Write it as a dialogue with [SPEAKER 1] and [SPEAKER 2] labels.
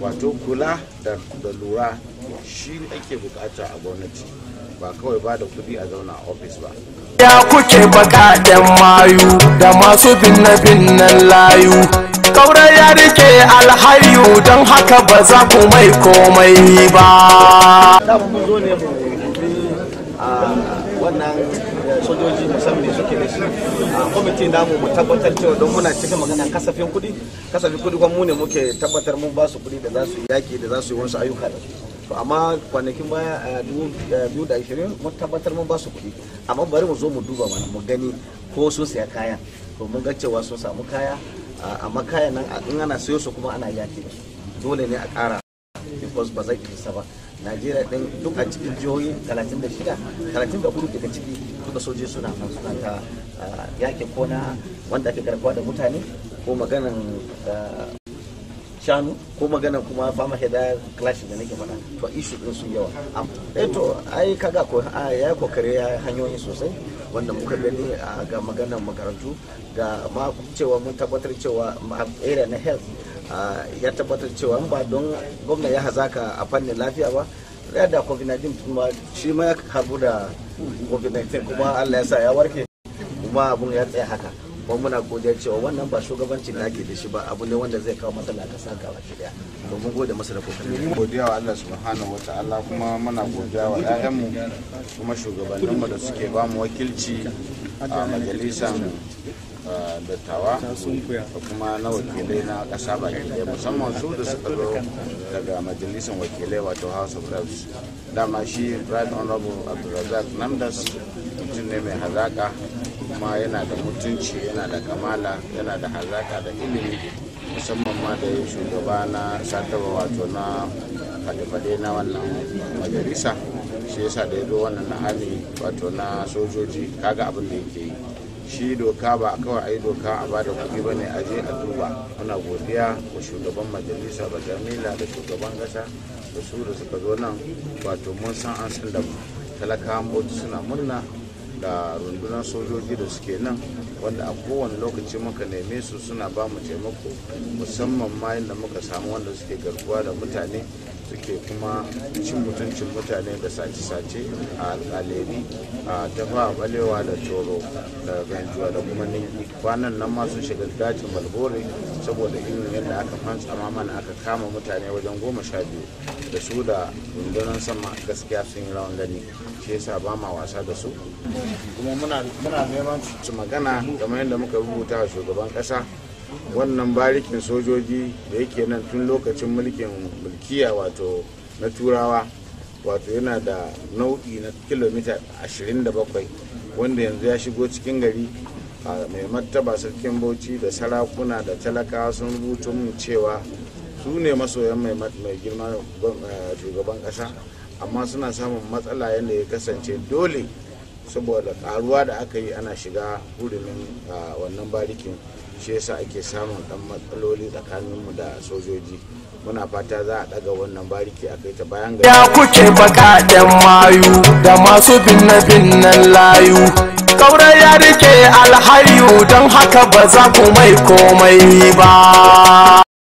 [SPEAKER 1] wato kula da lura shi ake bukata a gwamnati ba kawai ba da kudi a zauna a ofis ba ya kuke bakaɗen mayu da masu binne-binnen layu kaurar ya rike alhayu don haka ba za ku mai komai ba
[SPEAKER 2] wannan eh, sojoji musamman suke da shi a kwamitin damu mu tabbatar cewa don muna cikin magana kasafin kuɗi kasafin kuɗi kwan mu ne muke tabbatar mun ba su kuɗi da za su yaki da za su yi wasu ayyuka da su amma kwanakin baya a 2020 da mun tabbatar mun ba su kuɗi amma bari mu zo mu duba mana mu gani ko sun saya kaya to mun ga cewa sun samu kaya amma kaya nan in ana sayo su kuma ana yaki dole ne a kara because ba zai isa ba najeriya din duk a cikin jihohi 36 34 daga ciki duka soje suna suna ta ah, yakin kona wanda ake garkuwa da mutane ko maganan ah, shanu ko magana kuma fama heda clash da nake faɗa to issue din sun yawa eh to ai kaga ko ah, ya kokare hanyoyi sosai wanda muka gani ga maganan makarantu ga ma cewa mun tabbatar cewa area na health ya tabbatar cewa ba don gwamna ya hazaka a fannin lafiya ba ya da covid-19 kuma shi ma ya karbu da covid-19 kuma allah ya sa ya warke kuma abun ya tsaya haka kuma muna godiya cewa wannan ba shugabanci da ake da shi ba abu ne wanda zai kawo matsala ka saka wa daya
[SPEAKER 1] domin gode masa da kokarin godiya wa Allah subhanahu wa ta'ala kuma muna godiya wa ƴaƴanmu kuma shugabanninmu da suke ba mu wakilci a majalisar dattawa da kuma na wakilai na ƙasa baki ɗaya musamman su da suka zo daga majalisar wakilai wato house of reps dama shi right honorable abdulrazak namdas mutum ne mai hazaka kuma yana da mutunci yana da kamala yana da hazaka da ilimi musamman ma da shugaba na sadarwa wato na fade na wannan majalisa shi yasa da ya zo wannan na wato na sojoji kaga abin da yake yi shi doka ba a kawai a yi doka a bada kuɗi ba ne a je a duba muna godiya wa shugaban majalisa ba jamila da shugaban ƙasa da su da suka zo nan wato mun san an san da mu talakawan suna murna da rundunar sojoji da suke nan wanda a kowane lokaci muka neme su suna ba mu taimako musamman ma yadda muka samu wanda suke garkuwa da mutane suke kuma cin mutuncin mutane da sace-sace a tsaleri a tafa balewa da toro da ganjuwa da kuma ninki kwanan nan masu shiga dajin malbore saboda irin yadda aka fantsama mana aka kama mutane wajen goma sha biyu da su da rundunar sama gaskiya sun yi rawan gani shi yasa ba ma wasa da su kuma muna neman su magana game yadda muka rubuta shugaban kasa wannan barikin sojoji da yake nan tun lokacin mulkin mulkiya wato na turawa wato yana da nau'i na kilomita 27 wanda yanzu ya shigo cikin gari a mai martaba sarkin bauchi da sarakuna da talakawa sun rubuta mun cewa su ne masoyan mai girma eh, shugaban kasa amma suna samun matsala yadda ya kasance dole saboda karuwa da aka yi ana shiga hurumin wannan barikin shi yasa ake samun dan matsaloli tsakaninmu da sojoji muna fata za a daga wannan bariki a kai ta bayan gari ya kuke bakaden mayu da
[SPEAKER 2] masu binne binnen layu kaura ya rike alhayu don haka ba za ku mai komai ba